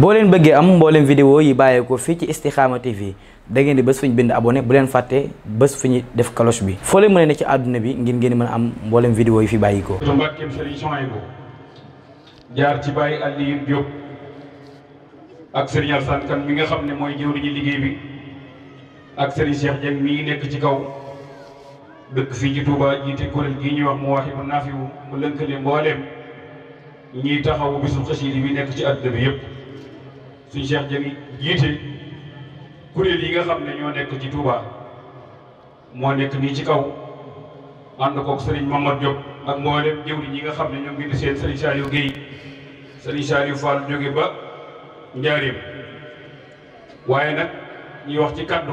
boo leen bëggee am mbooleem vidéo yi bàyyeekoo fii ci Istikhama TV da ngeen di bés fu ñu bind abone bu leen fàtte bés fu ñu def cloche bi foo leen mën ci àdduna bi ngir ngeen mën am mbooleem vidéo yi fi bàyyikoo tu mbàkkeem sëriñ jaar ci Baye Aliou Diop ak nga xam ne mooy jëwriñu liggéey bi ak sëriñ Cheikh nekk ci kaw dëkk fii ci Touba jiite kuréel gii ñuy wax mu waxi bu naafiwu mu lënkale mbooleem ñiy taxawu bisu xasida bi nekk ci àdduna bi yëpp suñ Cheikh Dieng jiite kuréel yi nga xam ne ñoo nekk ci Touba moo nekk nii ci kaw ànd kook Serigne Mamadou Diop ak mboolem jëwriñ yi nga xam ne ñoom ngi di seen yu Saliou Guèye Serigne Saliou Fall jóge ba Njaareem waaye nag ñuy wax ci kaddu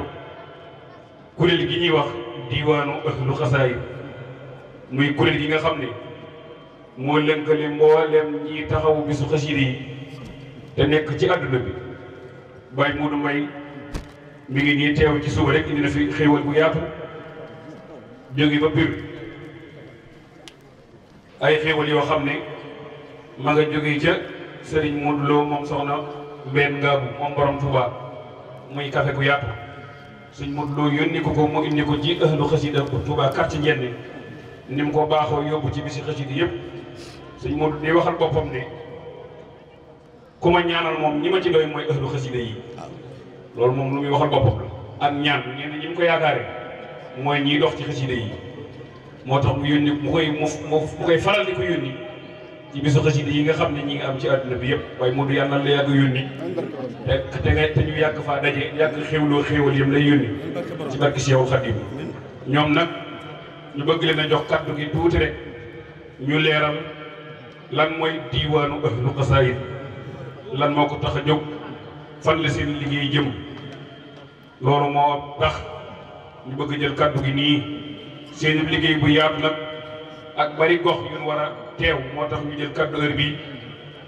kuréel gi ñuy wax diwaanu ahlu xasaay muy kuréel gi nga xam ne moo lënkale mboolem ñi taxawu bisu xasida yi te nekk ci àdduna bi Baye Modou Mbaye mi ngi nii teew ci suba rek indi na fi xéewal bu yaatu jóge ba biir ay xéewal yoo xam ne ma nga jóge ca Serigne mu Lo moom soxna Mbène Ngabou moom borom Touba muy café bu yaatu suñ Modou Lo yónni ko ko mu indi ko ci ëhlu xasida bu Touba quartier Ndiéné ni mu ko baaxoo yóbbu ci bisi xasida yëpp suñ Modou di waxal boppam ne. ku ma ñaanal moom ñi ma ci mooy ëllu xasida yi loolu moom lu muy waxal boppam ak ñaan ñenn ñi mu ko yaakaare mooy ñiy dox ci xasida yi moo tax mu yónni mu koy mu koy faral di ko yónni ci bisu xasida yi nga xam ne ñi nga am ci àdduna bi yëpp waaye Modou yàlla la yàgg yónni te ñu yàgg faa daje yàgg xéwloo xéwal yëm lay yónni ci barki Seexu Xaadim ñoom nag ñu bëgg leen a jox kàddu gi tuuti rek ñu leeral lan mooy diiwaanu ahlu xasaayid lan moo ko tax a jóg fan la seen liggéey jëm loolu moo tax ñu bëgg jël kàddu gi nii seen liggéey bu yaatu nag ak bari gox yu ñu war a teew moo tax ñu jël kàddu heure bi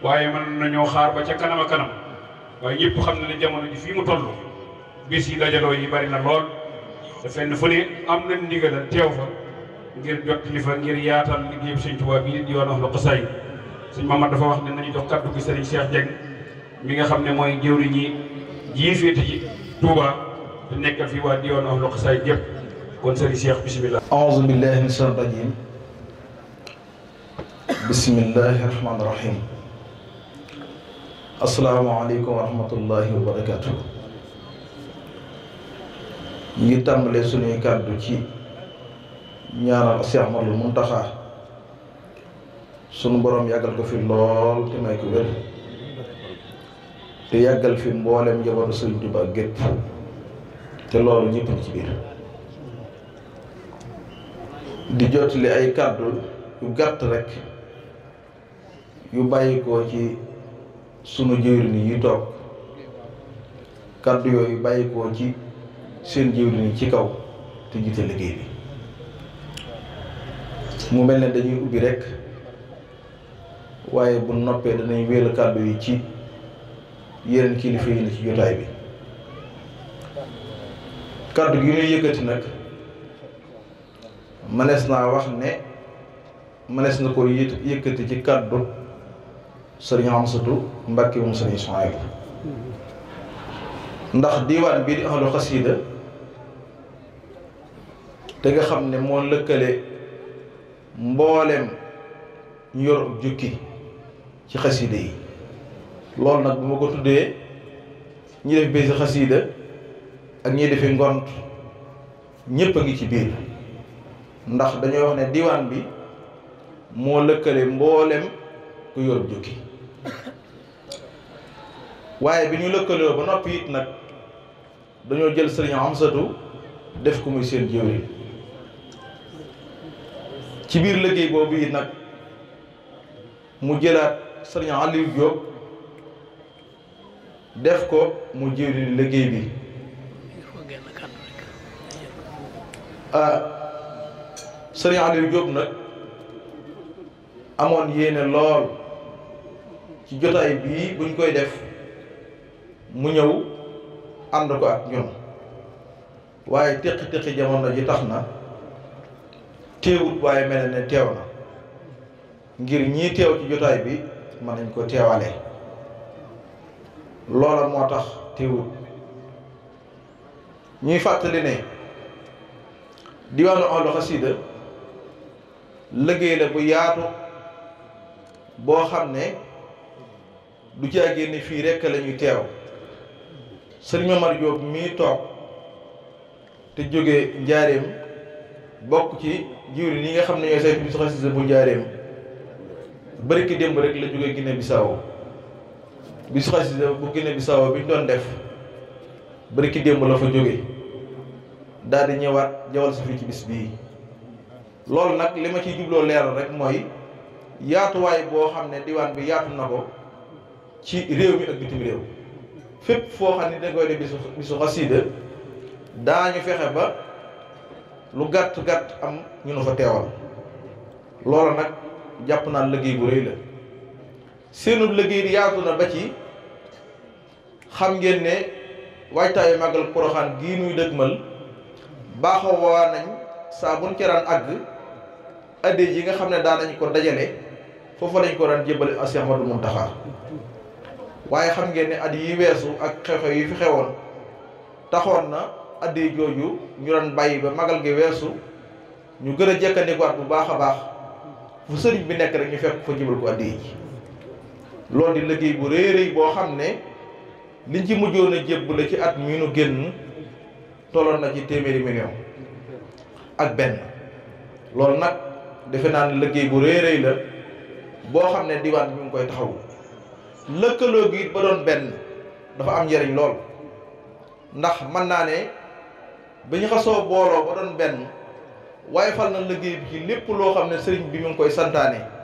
waaye na nañoo xaar ba ca kanam kanam waaye ñëpp xam na ne jamono ji fii mu toll bis yi dajaloo yi bari na lool te fenn fu ne am nañ ndigal teew fa ngir jot li fa ngir yaatal liggéey bi Sëñ Tuubaa bi di yoon wax la ko say sëñ Mamad dafa wax ne nañu jox kàddu gi Sëriñ Cheikh Dieng mi nga xam ne mooy jëwri ñi jii féete ji Touba te nekkal fi waa diwaan wax loxo saay jëpp kon sëriñ Cheikh bisimilah aouzu billahi min shaytaan rajim bismillahi rahmaani rahim asalaamaaleykum wa rahmatullahi wa barakaatu ñu ngi tàmbalee suñuy kàddu ci ñaanal Cheikh Ahmadou Mountakha sunu borom yàggal ko fi lool te may ko te yàggal fi mboolem njabootu Sëriñ Tuubaa gépp te loolu ñëpp ci biir di jotali ay kàddu yu gàtt rekk yu bàyyi ci sunu jëwriñ yi toog kàddu yooyu bàyyi ko ci seen jëwriñ ci kaw te jiite liggéey bi mu mel ne dañuy ubbi rekk waaye bu noppee danañ wéel kàddu yi ci yéen kilifa yi ci jotaay bi kaddu gi ñuy yëkkati nag mënees naa wax ne mënees na ko yëkkati ci kaddu sëriñ Amsatu Mbàkke moom sëriñ Suhayb ndax diwaan bi di ahlu xasiida te nga xam ne moo lëkkale mbooleem ñu yor jukki ci xasiida yi loolu nag bu ma ko tuddee ñi def bési xasiida ak ñi defi ngont ñépp a ngi ci biir ndax dañuy wax ne diwaan bi moo lëkkale mboolem ku yorub jukki waaye bi ñu lëkkaloo ba noppi it nag dañoo jël sëriñ Amsatu def ko muy seen jëwri ci biir liggéey boobu it nag mu jëlaat sëriñ Aliou Diop def ko mu jiwri liggéey bi ah sëriñ Aliou Diop nag amoon yéene lool ci jotaay bii buñ koy def mu ñëw ànd ko ak ñun waaye téqi-téqi jamono ji tax na teewut waaye mel ne teew na ngir ñii teew ci jotaay bi mën nañ ko teewale loola moo tax teewul ñuy fàttali ne diwaanu ahlu xasida liggéey la bu yaatu boo xam ne du jaagee ni fii rekk lañuy ñuy teew sëriñ Mamar Diop mii toog te jóge njaareem bokk ci jiwri li nga xam ne ñooy saytu bi su xasida bu njaareem bari ki démb rek la jóge Guinée Bissau bisu xasida bu gën Guinée Bissau bi ñu doon def bari ki démb la fa jóge daal ñëwaat jawal sa fi ci bis bii loolu nag li ma ci jubloo leeral rek mooy yaatuwaay boo xam ne diwaan bi yaatu na ko ci réew mi ak bitim réew fépp foo xam ne dañ koy def bisu bisu xasida daañu fexe ba lu gàtt gàtt am ñu nu fa teewal loolu nag jàpp naa liggéey bu rëy la seenub liggéey yaatu na ba ci xam ngeen ne waajtaayu màggal Poroxaan gii nuy dëgmal baaxoo waa nañ saa buñ ci daan àgg adde yi nga xam ne daan nañ ko dajale foofu lañ ko daan jébbale Cheikh Ahmadou Mountakha waaye xam ngeen ne at yi weesu ak xew-xew yi fi xewoon taxoon na adde jooju ñu daan bàyyi ba magal gi weesu ñu gën a jëkkandikuwaat bu baax a baax fu sëriñ bi nekk rek ñu fekk fa jébal ko adde yi loolu di liggéey bu rëy rëy boo xam ne liñ ci mujjoon a jébb la ci at mi nu génn tolloon na ci téeméeri million ak benn loolu nag defe naa ne liggéey bu rëy rëy la boo xam ne diwaan ñu ngi koy taxawu lëkkaloo gi ba doon benn dafa am njëriñ lool ndax mën naa ne ba ñu xasoo booloo ba doon benn waaye fal na liggéey bi ci lépp loo xam ne sëriñ bi mu ngi koy santaane.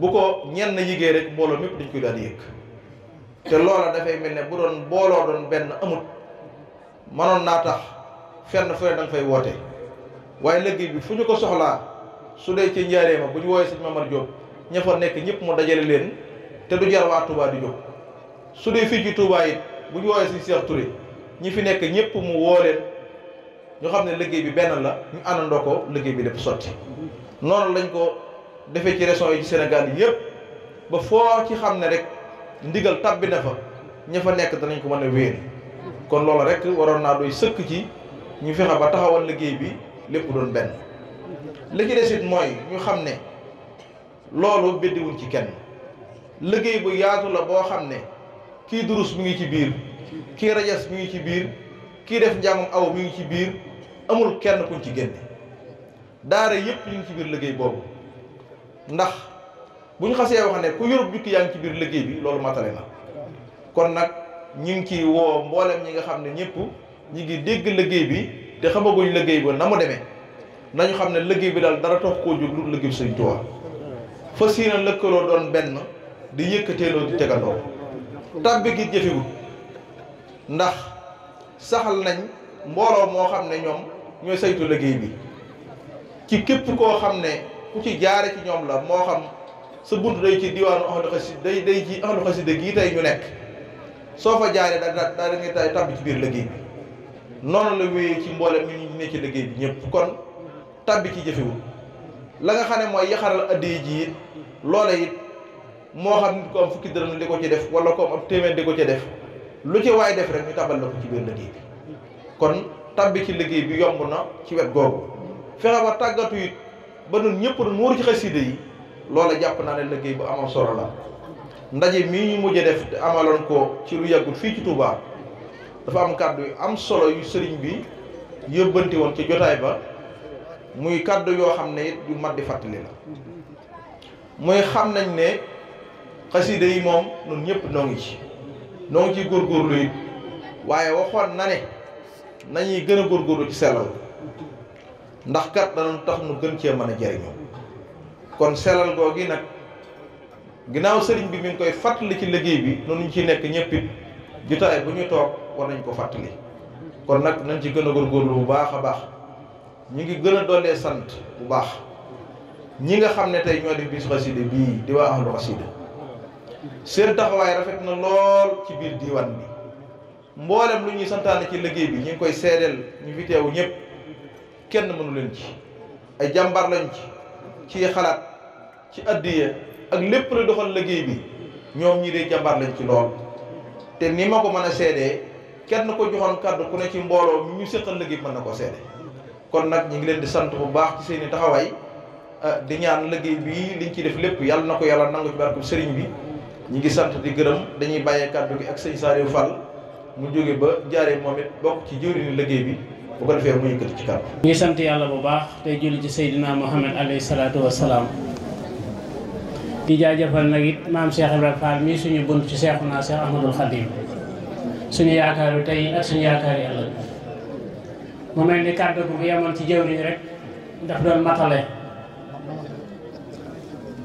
bu ko ñenn yigee rek mbooloo mépp dañ koy daal di te loola dafay mel ne bu doon mbooloo doon benn amut manoon naa tax fenn fu ne danga fay woote waaye liggéey bi fu ñu ko soxlaa su dee ci njaareema bu ñu woowee sëñ Mamar Diop ña fa nekk ñëpp mu dajale leen te du jar waa Touba di jóg su dee fii ci Touba it bu ñu woowee sëñ Cheikh Touré ñi fi nekk ñëpp mu woo leen ñu xam ne liggéey bi benn la ñu àndandoo ko liggéey bi lépp sotti noonu lañ ko defee ci régions yi ci Sénégal yëpp ba foo ci xam ne rek ndigal tabbi na fa ña fa nekk danañ ko mën a wéer kon loolu rek waroon naa doy sëkk ci ñu fexe ba taxawal liggéey bi lépp doon benn li ci mooy ñu xam ne loolu beddiwuñ ci kenn liggéey bu yaatu la boo xam ne kii durus mu ngi ci biir kii rajas mi ngi ci biir kii def njàngum aw mi ngi ci biir amul kenn kuñ ci génne daara yëpp ñu ngi ci biir liggéey boobu ndax bu ñu xasee wax ne ku yorub jukki yaa ngi ci biir liggéey bi loolu matale na kon nag ñu ngi ci woo mboolem ñi nga xam ne ñëpp ñi ngi dégg liggéey bi te xamaguñ liggéey ba na mu demee nañu xam ne liggéey bi daal dara tax koo jóg lu liggéey bi Sëñ Tuubaa fas yéene lëkkaloo doon benn di yëkkateeloo di tegandoo tàbbi gi jëfewut ndax saxal nañ mbooloo moo xam ne ñoom ñooy saytu liggéey bi ci képp koo xam ne ku ci jaare ci ñoom la moo xam sa bunt day ci diwaanu ahlu xasida day day ci ahlu xasida gii tey ñu nekk soo fa jaaree da da daa da ngay tay tàbbi ci biir liggéey bi noonu la wéyee ci mboolem ñu ne ci liggéey bi ñëpp kon tàbbi ci jëfewul la nga xam ne mooy yaxaral addiya ji it loola it moo xam nit ko am fukki dërëm di ko ci def wala ko am téeméer di ko ci def lu ci waay def rek ñu tabal la ko ci biir liggéey bi kon tàbbi ci liggéey bi yomb na ci wet googu fexe tàggatu it ba nun ñëpp nu muur ci xasida yi loola jàpp naa ne liggéey bu amoon solo la ndaje mi ñu mujj def te amaloon ko ci lu yàggul fii ci Touba dafa am kàddu yu am solo yu sëriñ bi yëbbanti woon ci jotaay ba muy kàddu yoo xam ne yu mat di fàttali la muy xam nañ ne xasida yi moom nun ñëpp noo ngi ci noo ngi ci góorgóorlu it waaye waxoon na ne nañuy gën a góorgóorlu ci sellal ndax kat danañ tax nu gën cee mën a jariñoo kon selal googi nag ginnaaw sëriñ bi mi ngi koy fàttali ci liggéey bi noonu ñu ci nekk ñëpp it bu ñu toog war nañ ko fàttali kon nag nañ ci gën a góorgóorlu bu baax a baax ñu ngi gën a doolee sant bu baax ñi nga xam ne tey ñoo di bis xasida bii di waa ahlu xasida seen taxawaay rafet na lool ci biir diiwaan bi mboolem lu ñuy santaane ci liggéey bi ñu ngi koy seedeel ñu fi teewu ñëpp kenn mënu leen ci ay jàmbaar lañ ci ci xalaat ci addiya ak lépp la doxal liggéey bi ñoom ñi dee jàmbaar lañ ci lool te ni ma ko mën a seedee kenn ko joxoon kàddu ku ne ci mbooloo mu ñu séqal liggéey mën na ko seede kon nag ñu ngi leen di sant bu baax ci seeni taxawaay ah, di ñaan liggéey bii liñ ci def lépp yàlla na ko yàlla nangu ci barku sëriñ bi ñi ngi sant di gërëm dañuy bàyyee kàddu gi ak sëñ Saliou Fall mu jóge ba jaaree moom it bokk ci jëwriñu liggéey bi bu ko defee mu yëkkati ci kaw. ñu ngi sant yàlla bu baax tey julli ci Seydina Muhammad alayhi salaatu wa salaam. di jaajëfal nag it maam Cheikh Ibrahima Fall mii suñu bunt ci Cheikhuna Cheikh Ahmadul Khadim suñu yaakaar yu tey ak suñu yaakaar yi ëllëg mu mel ni kàddu bu yemoon ci jëwriñ rek daf doon matale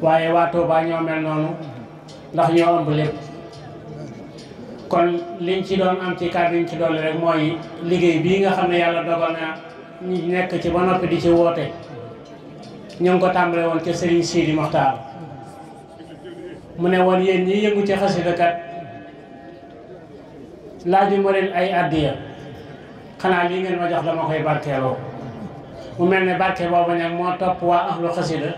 waaye waa Touba ñoo mel noonu ndax ñoo ëmb lépp. kon liñ ci doon am ci kàddu yiñ ci dolli rek mooy liggéey bii nga xam ne yàlla dogal na ñu nekk ci ba noppi di ci woote ñu ngi ko tàmbale woon ca Serigne Sidi Mokhtar mu ne woon yéen ñi yëngu ci xasida kat laaju ma leen ay addiya xanaa lii ngeen ma jox dama koy barkeeloo mu mel ne barke boobu nag moo topp waa ahlu xasida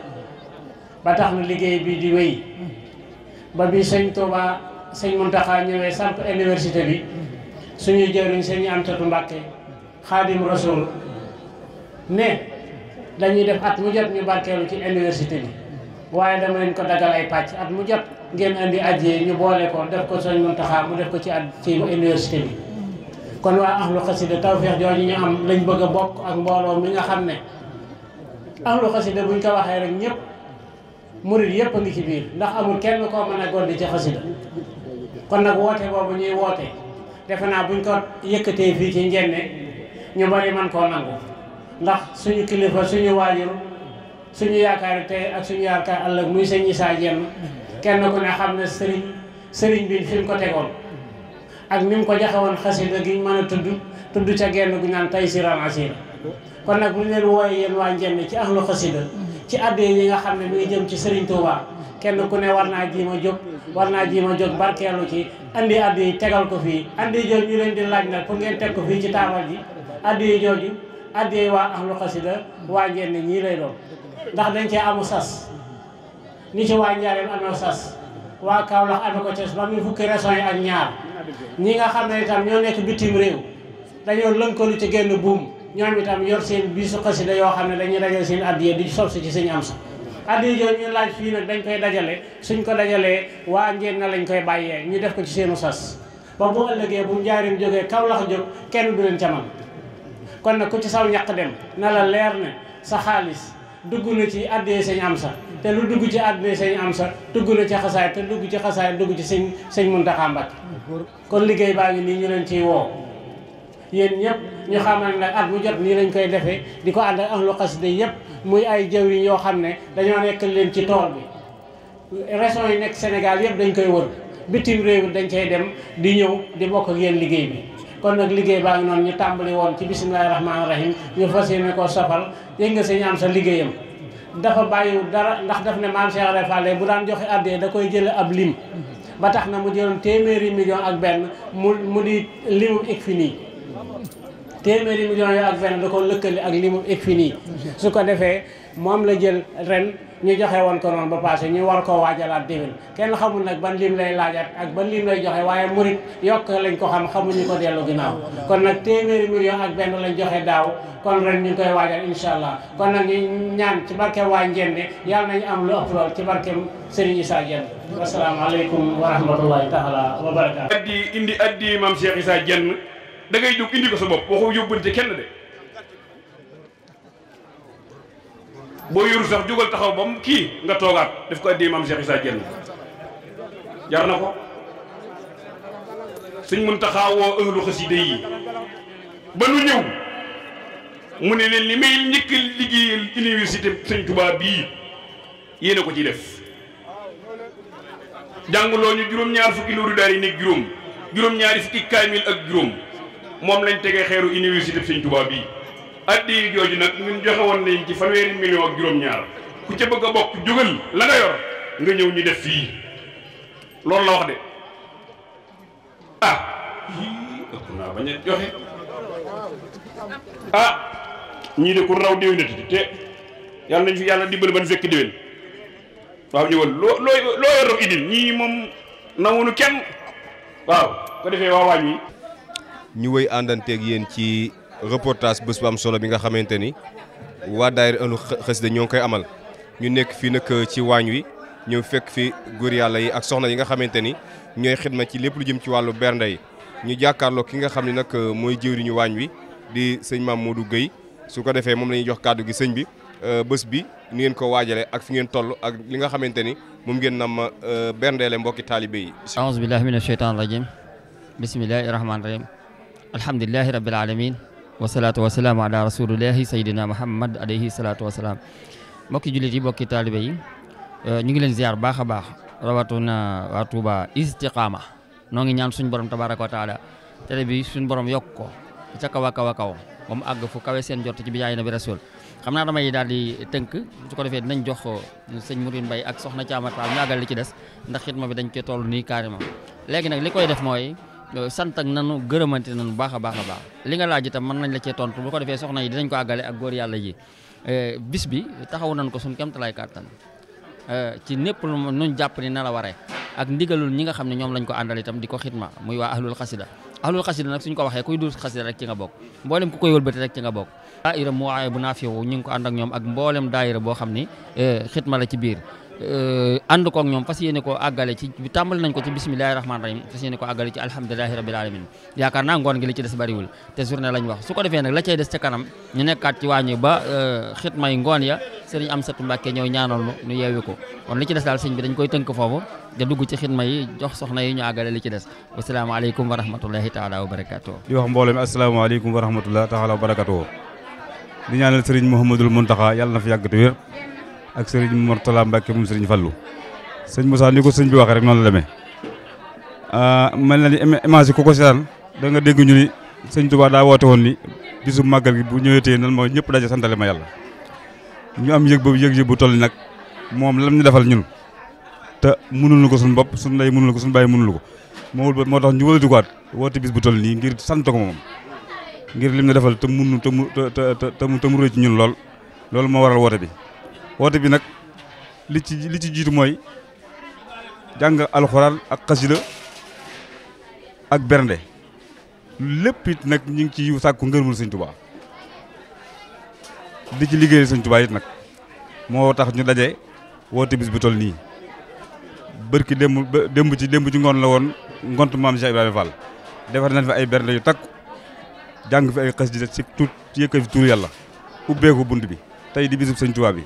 ba tax na liggéey bi di wéy ba bi sëñ Touba. sëñ Muntaxa ñëwee samp université bi suñuy jëriñ sëñ Amsatu Mbàkke xaadim rasul ne dañuy def at mu jot ñu barkeelu ci université bi waaye dama leen ko dagal ay pàcc at mu jot ngeen andi aje ñu boole ko def ko sëñ Muntaxa mu def ko ci at ci université bi kon waa ahlu xasida tawféex jooju ñu am lañ bëgg a bokk ak mbooloo mi nga xam ne ahlu xasida buñ ko waxee rek ñëpp murit yëpp a ngi ci biir ndax amul kenn koo mën a gondi ci xasida kon nag woote boobu ñuy woote defe naa buñ ko yëkkatee fii ci njenne ñu bari man koo nangu ndax suñu kilifa suñu waajur suñu yaakaari tey ak suñu yaakaar ëllëg muy sëñ Issa Diène kenn ku ne xam ne sëriñ sëriñ bi fi mu ko tegoon ak ni ko joxe woon xasida gi ñu mën a tudd tudd ca genn gu naan tay siran asir kon nag bu ñu leen wooyee yéen waa njenne ci ak ahlu xasida ci adde yi nga xam ne mi ngi jëm ci sëriñ Touba kenn ku ne war naa ma jóg war naa ma jóg barkeelu ci andi addi yi tegal ko fii addi jooju ñu leen di laaj nag pour ngeen teg ko fii ci taabal ji addi jooju addi waa ahlu xasida waa ngeen ne ñii lay doon ndax dañ cee amu sas ni ci waa Njaareem amee sas waa Kaolack amee ko Thiès ba muy fukki régions yi ak ñaar ñi nga xam ne itam ñoo nekk bitim réew dañoo lënkalu ci génn buum ñoom itam yor seen biisu xasida yoo xam ne dañuy dajal seen addiye di sob si ci seen am sax addiya jooju ñu laaj fii nag dañ koy dajale suñ ko dajalee waa ngeen na lañ koy bàyyee ñu def ko ci seenu sas ba bu ëllëgee bu njaarim jógee kaw lax jóg kenn du leen ca man kon nag ku ci saw ñaq dem na la leer ne sa xaalis dugg na ci addiya sëñ am sa te lu dugg ci addiya sëñ am sa dugg na ci xasaay te dugg ci xasaay dugg ci sëñ sëñ Muntaxa Mbakke kon liggéey baa ngi nii ñu leen ciy woo yéen ñëpp ñu xaman nag at mu jot nii lañ koy defee di ko ànd ak ahlu xasida yëpp muy ay jëwriñ yoo xam ne dañoo nekk leen ci tool bi régions yi nekk Sénégal yëpp dañ koy wër bitim réew dañ cay dem di ñëw di bokk ak yéen liggéey bi kon nag liggéey baa ngi noonu ñu tàmbali woon ci bisimilahi rahmaani rahim ñu fas yéene koo safal yëg nga sëñ am sa liggéeyam dafa bàyyiwul dara ndax daf ne maam Cheikh Ibra bu daan joxe addee da koy jële ab lim ba tax na mu jëloon téeméeri million ak benn mu mu di limu ik fi téeméeri millions yi ak benn da ko lëkkali ak li mu Ecfini su ko defee moom la jël ren ñu joxe woon ko noonu ba passé ñu war koo waajalaat déwén kenn xamul nag ban lim lay laajaat ak ban lim lay joxe waaye murit yokk lañ ko xam xamuñu ko dellu ginnaaw kon nag téeméeri million ak benn lañ joxe daaw kon ren ñu ngi koy waajal incha allah kon nag ñu ñaan ci barke waa Njende yàlla nañu am lu ëpp lool ci barke Serigne Issa Diène wasalaamaaleykum wa rahmatullahi taala wa barakaatu addi indi addi maam Cheikh Issa dangay jóg indi ko sa bopp waxu yóbbante kenn de boo yoru sax jógal taxaw ba mu kii nga toogaat daf ko addee maam Cheikh Issa Dieng jar na ko suñ mën taxaawoo ënglu xasida yi ba nu ñëw mu ne leen li may njëkk liggéeyal université sëñ Touba bii yéena ko ci def jàngloo ñu juróom-ñaar fukki nooru daari juróom juróom ak juróom moom lañ tegee xeeru université bi sëñ Tuubaa bii addiyi jooju nag ñun joxe woon nañ ci fanweeri million ak juróom-ñaar ku ca bëgg a bokk jógal la nga yor nga ñëw ñu def fii loolu la wax de ah a ah. ñii de ku raw déwénati te yàlla nañ fi yàlla dimbali ban fekk déwén waaw ñëwal loo loo loo yor rek idil ñii moom nanguwunu kenn waaw ko defee waa wi ñu wëy àndanteeg yéen ci reportage bés bu am solo bi nga xamante ni waa daayira Ahlu Xasida ñoo ngi koy amal ñu nekk fii nag ci waañ wi ñëw fekk fi góor yàlla yi ak soxna yi nga xamante ni ñooy xidma ci lépp lu jëm ci wàllu bernde yi ñu jàkkaarloo ki nga xam ne nag euh, mooy ñu waañ wi di sëñ Maam Modou Guèye su ko defee moom la ñuy jox kàddu gi sëñ bi euh, bés bi ni ngeen ko waajale ak fi ngeen toll ak li nga xamante ni moom ngeen nam euh, berndeele mbokki taalibe yi aouzu billahi mina sheytaan rajim bismillahi rahmaani rahim alhamdulilahi rabbil alamin wasalaatu wasalaamu ala rasulillahi sayidina muhammad alayhi salaatu wasalaam mbokki jullit yi mbokki taalibe yi euh, ñu ngi leen ziar baax a baax rawatuna waa Tuuba istiqaama noo ngi ñaan suñu borom tabaraka wa taala télé bi suñ borom yokk ko ca kaw a kaw a kaw ba àgg fu kawe seen jot ci bi yaay na bi rasul xam naa damay daal di tënk su ko defee dinañ jox euh, sëñ Mourine bay ak soxna Thiamata ñu àggal li ci des ndax xitma bi dañ ci tol nii carrément léegi sant ak nanu gërëmante nanu baax a baax a baax li nga laaj itam mën nañ la cee tontu bu ko defee soxna yi dinañ ko àggale ak góor yàlla yi eh, bis bi taxaw nañ ko suñ kemtalaay kàttan eh, ci népp lu nuñ jàpp ni na la waree ak ndigalul ñi nga xam ne ñoom lañ ko àndal itam di ko xitma muy waa ahlul xasida ahlul xasida nag suñ ko waxee kuy dul xasida rek ci nga bokk mboolem ku koy wëlbati rek ci nga bokk daayira mu waaye bu naafiwu ñu ngi ko ànd ak ñoom ak mboolem daayira boo xam ni eh, xitma la ci biir Euh, ànd koog ñoom fas yéene koo àggale ci tàmbali nañ ko ci bisimilahi rahmaani rahim fas yéene koo àggale ci alhamdulilahi rabil alamin yaakaar naa ngoon gi li ci des bariwul te journée lañ wax su defee nag la cay des ca kanam ñu nekkaat ci wàññi ba euh, xitmay ngoon ya sëriñ Amsatu Mbàkke ñëw ñaanal nu nu yeewi ko kon li ci des daal sëñ bi dañ koy tënk foofu da ci xitma jox soxna yi ñu àggale li des wasalaamaaleykum wa rahmatullahi taala wa barakatuh di wax mbooloo mi asalaamaaleykum wa rahmatullahi taala wa barakatuh di ñaanal sëriñ Mouhamadul Muntaxa yàlla na fi yàgg ak sëriñ Mourtala Mbacke moom sëriñ Fallou sëñ Moussa ni ko sëñ bi waxee rek noonu la demee ah, mel na ni image yi ku ko seetaan da nga dégg ñu ni sëñ Touba daa woote woon ni bisu màggal gi bu ñëwetee nan mooy ñëpp daje santale ma yàlla ñu am yëg ba yëg-yëg bu toll nag moom lam ñu defal ñun te mënul ko suñ bopp suñu lay mënul ko suñu bàyyi mënul ko moomul moo tax ñu wëlati ko waat woote bis bu toll nii ngir sant ko moom ngir lim na defal te mënu te mu te te mu ci ñun lool loolu moo waral woote bi woote bi nag li ci li ci jiitu mooy jàng alxuraan ak xasida ak bernde lépp it nag ñu ngi ci sàkku ngërmul sëñ Tuubaa di ci liggéeyal sëñ Tuubaa it nag moo tax ñu daje woote bis bi toll nii bërki démb démb ci démb ci ngoon la woon ngont maam Cheikh Ibrahima Fall defar nañ fi ay bernde yu takku jàng fi ay xasida si tuut yëkka fi tuur yàlla ubbeeku bunt bi tey di bisub sëñ Tuubaa bi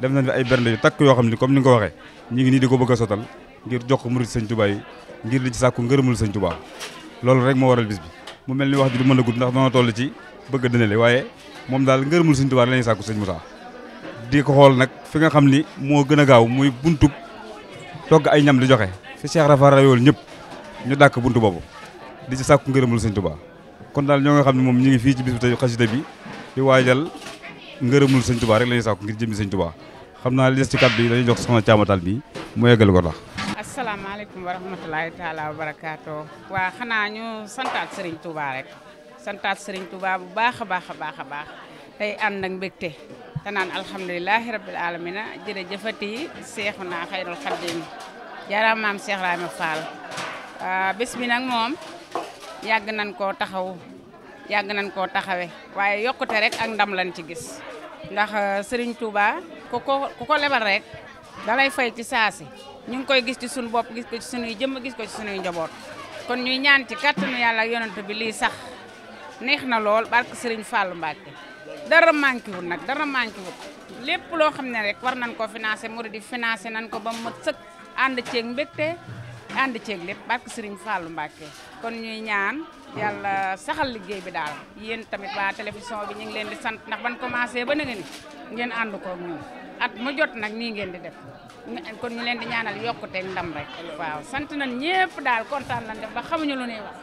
def nañ fi ay bernde yu takk yoo xam ni comme ni nga ko waxee ñu ngi nii di ko bëgg a sotal ngir jox ko murid sëñ Tuubaa yi ngir di ci sàkku ngërëmul sëñ Tuubaa loolu rek moo waral bis bi mu mel ni wax ji du mën a gudd ndax dana toll ci bëgg a dënale waaye moom daal ngërëmul sëñ Tuubaa lañuy sàkku sëñ Moussa di ko xool nag fi nga xam ni moo gën a gaaw muy buntub togg ay ñam di joxe fi Cheikh Rafa rayool ñëpp ñu dàkk buntu boobu di ci sàkku ngërëmul sëñ Tuubaa kon daal ñoo xam ne moom ñu ngi fii ci bis bi tey xasida bi di waajal ngërëmul sëñ Touba rek la ñuy sàkku ngir jëmmi sëñ Touba xam naa li des ci kàddu jox soxna caamatal bi mu yeggal ko tax asalaamaaleykum wa rahmatulahi taala wa barakaatu waa xanaa ñu santaat Serigne Touba rek santaat Serigne Touba bu baax a baax baax a baax tey ànd ak mbégte te naan alhamdulilahi rabil alamina jërëjëfati seexu naa xayrul xaddim jaaraam maam Cheikh Rahma Fall moom yàgg nañ ko taxaw yàgg nañ koo taxawee waaye yokkute rek ak ndam lañ ci gis ndax euh, Serigne Touba ku ko ku ko lebal rek dalay fay ci saasi ñu ngi koy gis ci suñu bopp gis ko ci sunuy jëmm gis ko ci sunuy njaboot kon ñuy ñaan ci kàttanu yàlla ak yonent bi lii sax neex na lool barke Serigne Fallou Mbacke dara manqué wul nag dara manqué wul lépp loo xam ne rek war nañ ko financé murid di financé nañ ko ba mu sëkk ànd ceeg mbégte ànd ceeg lépp barke sëriñ Fallou Mbacke kon ñuy ñaan. yàlla saxal liggéey bi daal yéen tamit waa télévision bi ñu ngi leen di sant ndax ban commencé ba na nga ni ngeen ñun at mu jot nag nii ngeen di def kon ñu leen di ñaanal yokkute ndam rek waaw sant nañ ñëpp daal kontaan lañ def ba xamuñu lu ñuy wax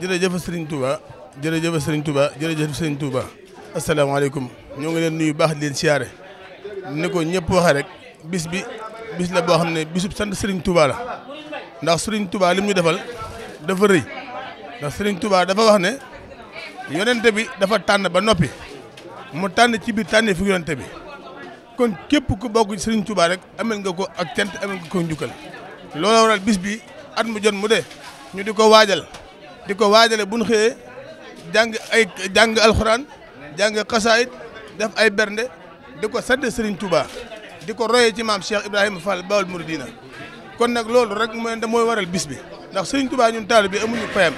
jërëjëf Serigne Touba jërëjëf Serigne Touba jërëjëf Serigne Touba asalaamaaleykum ñoo ngi leen nuyu baax di leen siyaare ni ko ñëpp waxee rek bis bi bis la boo xam ne bisub sant sëriñ Touba la ndax Serigne Touba lim defal dafa ndax Serigne Touba dafa wax ne yonente bi dafa tànn ba noppi mu tànn ci biir tànnee fi yonente bi kon képp ku bokk Serigne Touba rek amel nga ko ak cant amel nga ko njukkal looloo waral bis bi at mu jot mu de ñu di ko waajal di ko waajale bu ñu xëyee jàng ay jàng alxuraan jàng xasaayit def ay bernde di ko sant Serigne Touba di ko royee ci maam Cheikh Ibrahima Fall Baol diina kon nag loolu rek mooy mooy waral bis bi ndax Serigne Touba ñun taal bi amuñu payam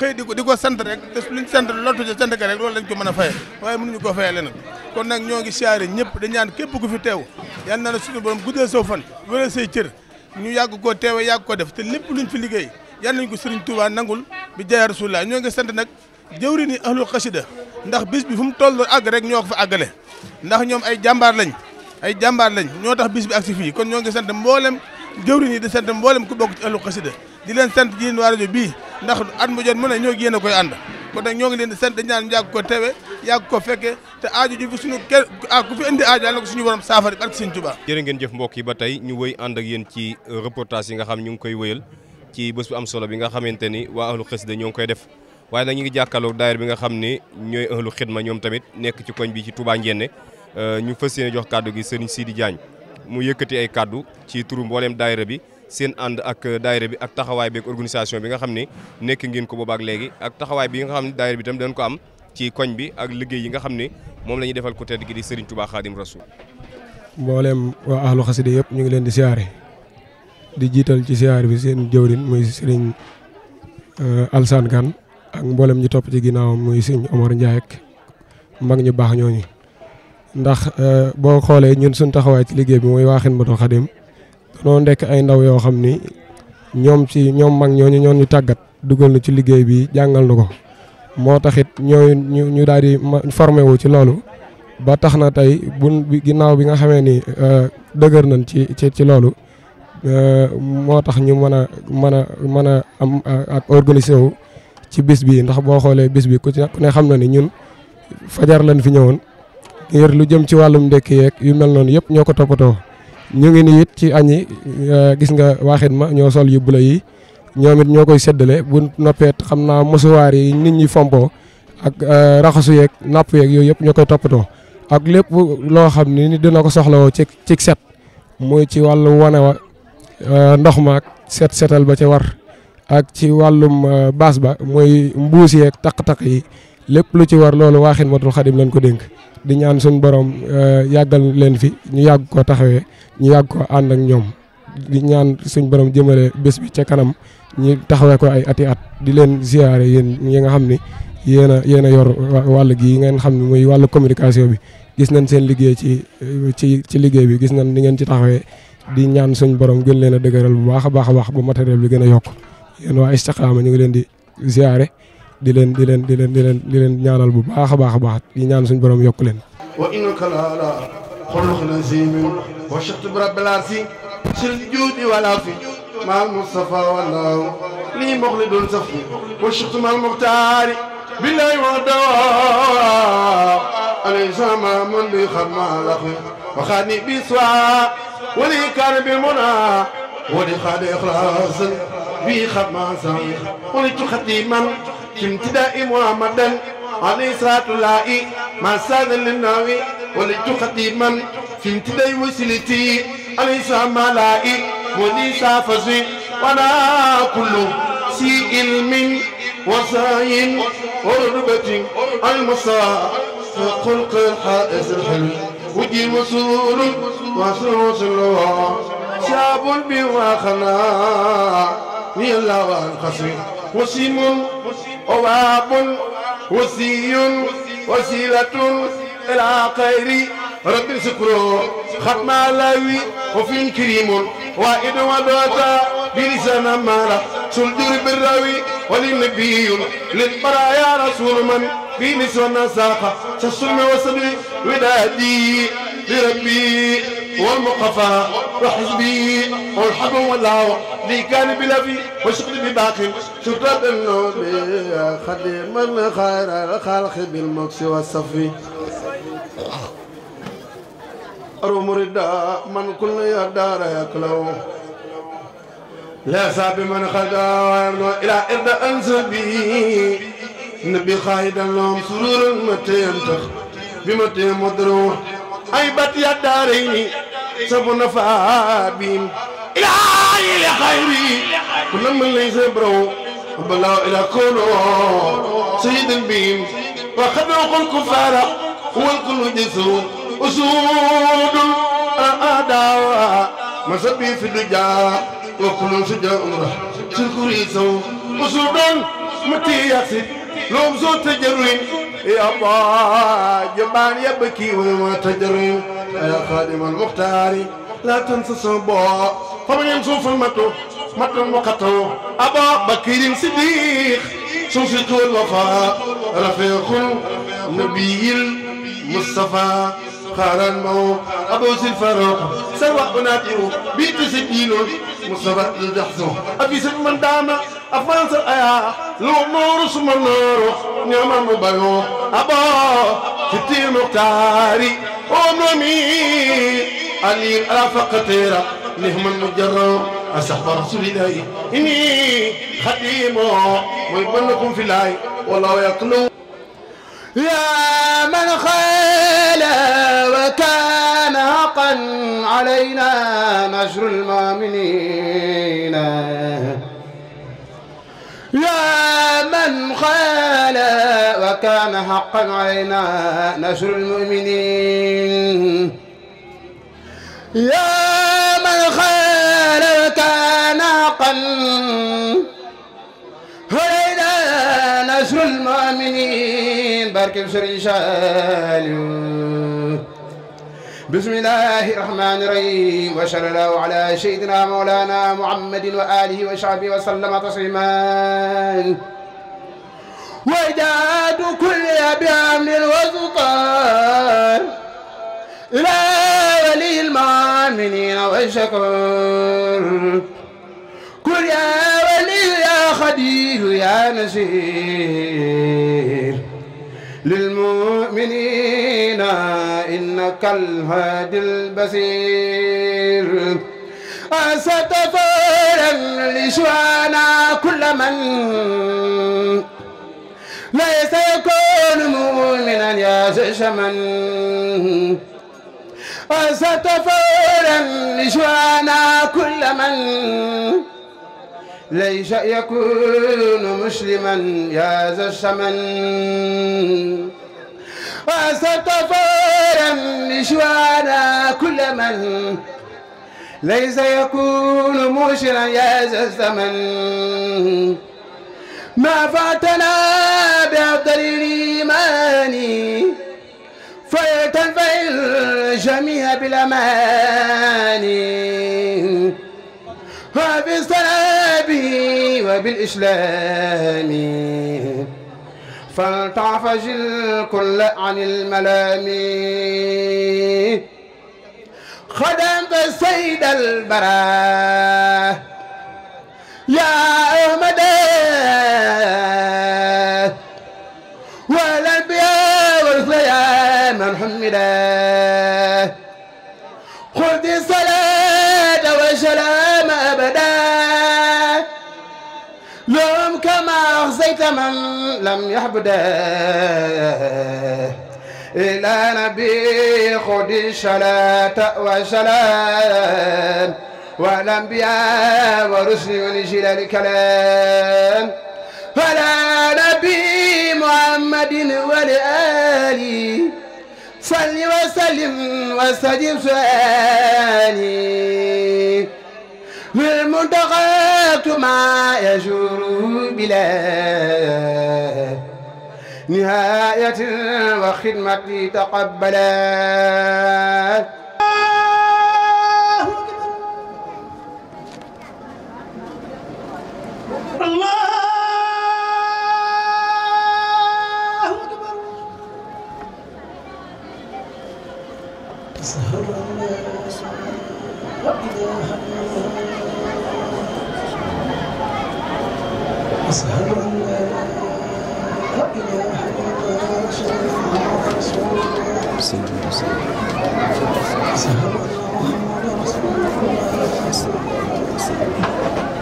xëy di ko di ko sant rek te luñ sant lottu ca sant ka rek loolu lañ ko mën a faye waaye ko koo fayale nag kon nag ñoo ngi siyaare ñëpp dañ ñaan képp ku fi teew yan na la suñu borom guddal saw fan wéral say cër ñu yàgg koo teewe yàgg ko def te lépp luñ fi liggéey yal nañ ko sëriñ Touba nangul bi jaay Rasulullah ñoo ngi sant nag jëwri ni ahlul xasida ndax bis bi fu mu toll àgg rek ñoo ko fa àggale ndax ñoom ay jàmbaar lañ ay jàmbaar lañ ñoo tax bis bi ak kon ñoo ngi sant mboolem jëwri ni di sant mboolem ku bokk ci ahlul di leen sant yéen waa rajo bii ndax at mu jot mu ne ñoo a koy ànd kon ñoo ngi leen di sant dañ ñaan yàgg ko tewe ko fekke te aaju ji ah, ku fi indi aaju yàlla na ko suñu borom saafari barke Sëñ Tuubaa jërë ngeen jëf mbokk yi ba tey ñu wëy ànd ak yéen ci reportage yi nga xam ñu ngi koy wëyal ci bés bu am solo bi nga xamante ni waa ahlu xasida dañoo ngi koy def waaye nag ñu ngi jàkkaarloo daayira bi nga xam ni ñooy ahlu xidma ñoom tamit nekk ci koñ bi ci Touba Ndiéné euh, ñu fës yéene jox kàddu gi Serigne Sidi Diagne mu yëkkati ay kàddu ci turu mbooleem daayira bi seen ànd ak daayira bi ak taxawaay bi ak organisation bi nga xam ne nekk ngeen ko boobaak léegi ak taxawaay bi nga xam ne daayira bi tam dañ ko am ci koñ bi ak liggéey yi nga xam ni moom la ñuy defal ku tedd gi di Serigne Touba Khadim Rasoul. mboolem waa ahlu xasida yëpp ñu ngi leen di siyaare di jiital ci siyaare bi seen jëwrin muy Serigne euh, Alsane ak mboolem ñu topp ci ginnaawam muy Serigne Omar Ndiaye ak mag ñu baax ñooñu ndax euh, boo xoolee ñun suñ taxawaay ci liggéey bi mooy waa Xidmatul Xadim noo ndekk ay ndaw yoo xam ni ñoom ci ñoom mag ñooñu ñoon ñu tàggat dugal na ci liggéey bi jàngal na ko moo taxit ñooy ñu ñu daal di formé wu ci loolu ba tax na tey buñ ginnaaw bi nga xamee ni euh, dëgër nañ ci ci ci loolu euh, moo tax ñu mën a mën a mën a am euh, ak organisé wu ci bis bii ndax boo xoolee bis bi ku ci ku ne xam na ni ñun fajar lañ fi ñëwoon ngir lu jëm ci wàllum ndekki yeeg yu mel noonu yëpp ñoo ko toppatoo ñu ngi nii it ci añ yi euh, gis nga waaxin ma ñoo sol yu bula yi ñoomit ñoo koy séddale bu noppeet xam naa mosuwaar yi nit ñi fompoo ak euh, raxasu yeeg napp yeeg yooyu yëpp ñoo koy toppatoo ak lépp loo xam ni dina ko soxlawoo ci ci set muy ci wàllu wane wa euh, ndox ma ak set setal ba ca war ak ci wàllum baas ba muy mbuus yeeg taq takk yi lépp lu ci war loolu waaxin matul xadim lañ ko dénk di ñaan suñu borom eh, yàggal leen fi ñu yàgg ko taxawee ñu yàgg ko ànd ak ñoom di ñaan suñu borom jëmalee bés bi ca kanam ñu taxawee ko ay ati at di leen ziare yéen ñi nga xam ni yéen a yéen a yor wàll gi ngeen xam ne muy wàllu communication bi gis nañ seen liggéey ci ci ci liggéey bi gis nañ di ngeen ci taxawee di ñaan suñu borom gën leen a dëgëral bu baax a baax a baax ba matériel bi gën a yokk yéen waa Istikhama ñu ngi leen di ziare. di leen di leen di leen di ñaanal bu baax a baax di ñaan suñu borom yokk leen. wa innaka laalaa xuluqin aziim wa shaktub rabbil arsi sil juudi wala fi maal Mustafa wallaahu lii muxlidun safi wa shaktu maal muxtaari billahi wa dawaa alaysa ma mun li xarma laxi wa xaani biswa wali kaana bil munaa wali xaade ixlaasan bi xarma sam wali tuxati man في امتداء محمدا عليه صلاة الله ما ساد للناوي ولدت خطيبا في امتداء وسلتي عليه السلام ملائي وليس فزي ولا كل سي علم وسعي ورغبة المساء خلق الحائز الحلو وجي مسرور وسرور شاب بواخنا ويلا عن قصر وسيم وواب وسي وسيلة إلى خير رب سكرو ختم علوي وفين كريم وائد ودوتا بلسان مالا سلدر بالراوي وللنبي للبرايا رسول من في نسوان ساقة سسلم وسلم ودادي لربي والمقفى وحزبي والحب والله لي كان بلا في وشغل بباقي شرطة النوم خدم الخير الخلق بالمكس والصفي روم ردا من كل يدار يكلو لا ساب من خدا ويمنو إلى إرد أنسبي نبي خايدا لهم سرور متى ينتخ بمتى مدرو أي بات يداريني سبنا فابين إلهي لخيري كل من ليس برو بلا إلى كله سيد البين وخبرق الكفار هو الكل جسو أسود الأداوة مسبي في الدجا وكل سجا أمره سنكريسو أسود متي ياسد لوم زوت جروين يابا جبان يبكي وما تجري يا خادم المختار لا تنسى صبا فمن ينصف المتو متو وقتو أبا بكير صديق سوسة الوفاء رفيق نبي المصطفى خارن مو أبو سلفروق سواء ناتيو بيت سجيل مصطفى الدحسو أبي سلمان دانا أفمن سأيا لو نور سم النور نعم مبيو أبا فتي مختاري أمني علي رافق تيرا نهم المجرم أصحب رسول الله إني خديمه ويبنكم في الله ولا يقلو يا من خيل وكان حقا علينا نشر المؤمنين يا من خال وكان حقا علينا نصر المؤمنين يا من خال وكان حقا علينا نصر المؤمنين بارك بسر إن شاء الله بسم الله الرحمن الرحيم وصلى الله على سيدنا مولانا محمد وآله وصحبه وسلم تسليما وإجاد كل بأمن وسلطان إلى ولي المؤمنين والشكر كل يا ولي يا خدير يا نسير للمؤمنين إنك الهادي البصير أستفارا لشوانا كل من ليس يكون مؤمنا يا زشمن أستفارا لشوانا كل من ليس يكون مسلما يا ذا السمن وصرت فورا مشوانا كل من ليس يكون مشرا يا ذا الزمن ما فاتنا بأفضل الإيمان فيتنفي الجميع بالأمان وبالسلام وبالإسلام فلتعفج الكل عن الملام خدمت السيد البراء يا أحمد من لم يحبده إلى نبي خد صلاة وسلام والأنبياء ورسل ونزل الكلام على نبي محمد ولآله صل وسلم وسلم سؤالي والمنتقى ما يجور بلا نهاية وخدمتي تقبلت سيد المرسلين صلى الله على رسول الله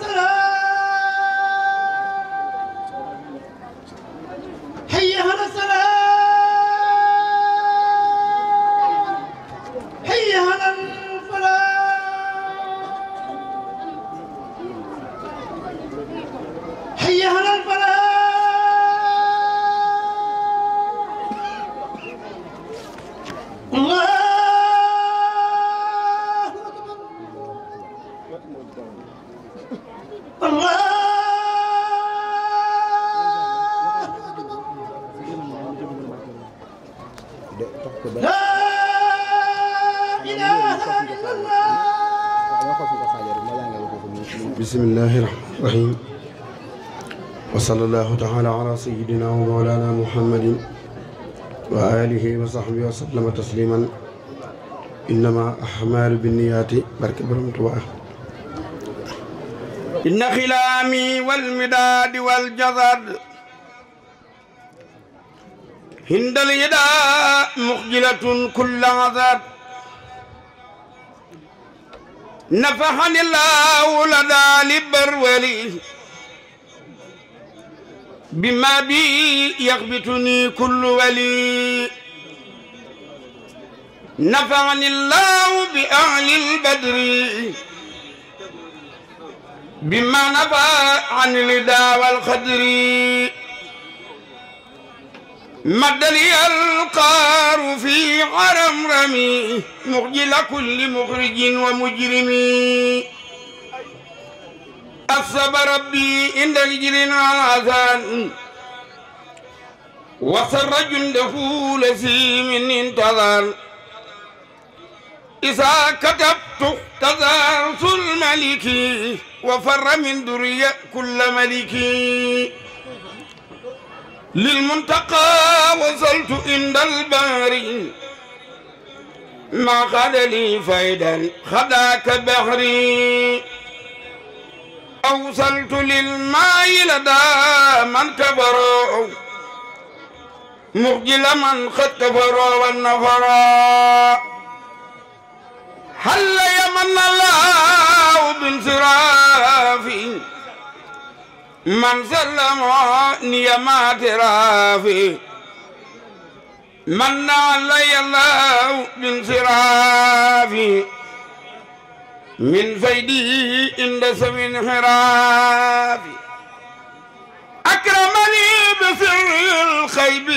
Sarah! وصلى الله تعالى على سيدنا ومولانا محمد وآله وصحبه وسلم تسليما إنما أحمال بالنيات بركة برمتوا إن خلامي والمداد والجزد هند اليداء مخجلة كل عذاب نفحني الله لدى لبر وليه بما بي يغبطني كل ولي نفعني الله بأهل البدر بما نفى عن الهدى والخدر مد لي القار في عرمرمي مخجل كل مخرج ومجرمي أصب ربي عند رجل آذان وسر جنده لسي من انتظار إذا كتبت تدارس الملك وفر من درية كل ملك للمنتقى وصلت عند الباري ما قال لي فيدا خداك بحري أوصلت للماء لدى من كبر مخجل من قد كفر والنفر هل يمن الله بانصرافي من سلم نيما ترافي من علي الله بانصرافي من زيده عند سوي انحراف أكرمني بسر الخيب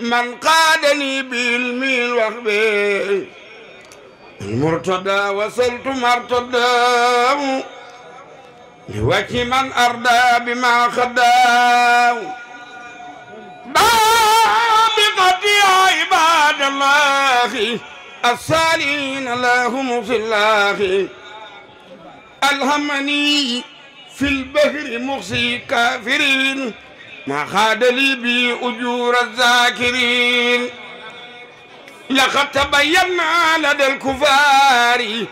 من قادني بعلم الوهب المرتدى وصلت مرتداه لوجه من أردى بما خداه بابقتي عباد الله الصالحين اللهم في الله ألهمني في البحر مخزي كافرين ما خاد لي بي أجور الذاكرين لقد تبين لدى الكفار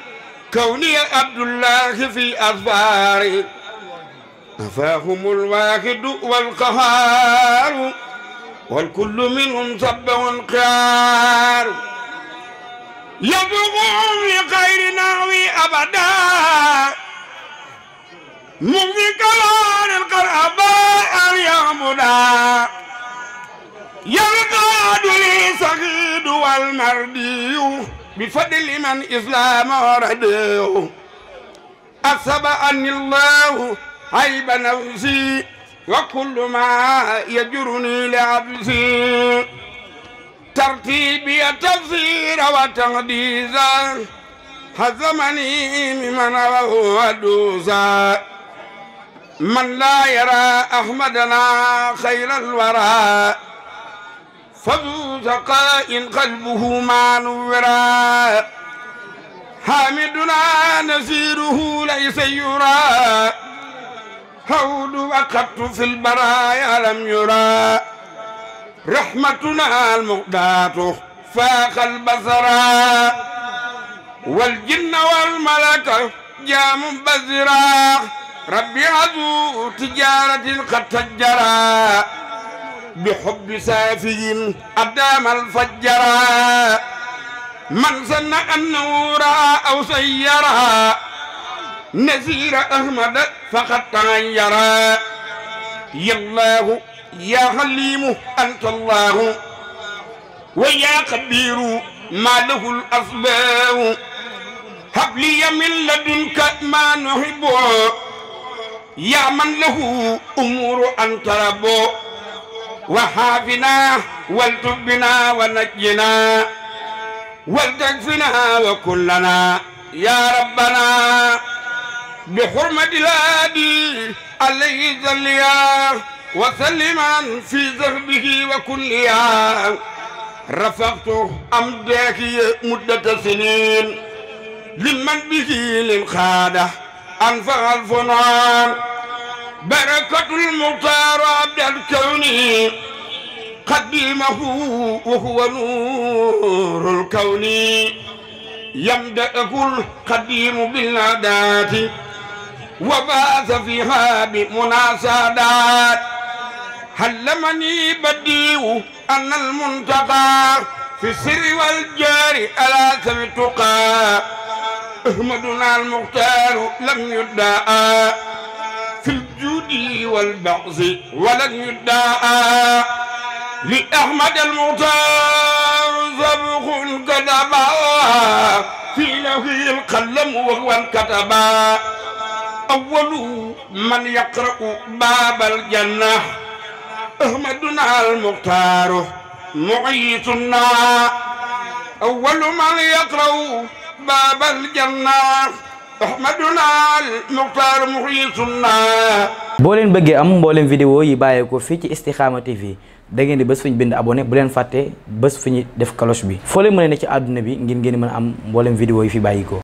كوني عبد الله في أصباري أفاهم الواحد والقهار والكل منهم سب وانقهار يبغو من غير نحوي أبدا مغنك عن القرآن أن يعبدا يلقاد لي سغيد والمردي بفضل من إسلام وردي أصب أن الله عيب نفسي وكل ما يجرني لعبسي ترتيبي تفسير وتقديسا هزمني ممن وهو دوسا من لا يرى أحمدنا خير الورى فذو زقاء قلبه ما نورا حامدنا نسيره ليس يرى هود وقت في البرايا لم يرى رحمتنا المغداة فاق البصر والجن والملك جاء منبذرا ربي عدو تجارة قد تجرا بحب سافي أدام الفجرا من سن أنه رأى أو سيرا نزير أحمد فقد تغيرا يالله يا غليم أنت الله ويا خبير ما له الأسباب هب لي من لدنك ما نحب يا من له أمور أن ترب وحافنا والتبنا ونجنا والتكفنا وكلنا يا ربنا بحرمة الهادي عليه الصلاة وسلما في ذهبه وكلها رفقت أمداك مدة سنين لمن به للخادة أنفع الفنان بركة المختار عبد الكون قديمه وهو نور الكون يمدأه القديم بالعادات وبعث فيها بمناسدات علمني بديع أن المنتظر في السر والجار ألا سمتقى أحمدنا المختار لم يدعى في الجود والبعث ولن يدعى لأحمد المختار سبق كتبا في له القلم وهو انكتبا أول من يقرأ باب الجنة أحمدنا المختار معيتنا أول من يقرأ باب الجنة boo leen bëggee am mbooleem vidéo yi bàyyeekoo fii ci Istikhama TV da ngeen di bés fu bind abonné bu leen fàtte bës fu ñu def cloche bi foo leen mën a ne ci àdduna bi ngir ngeen mën a am mbooleem vidéo yi fi bàyyikoo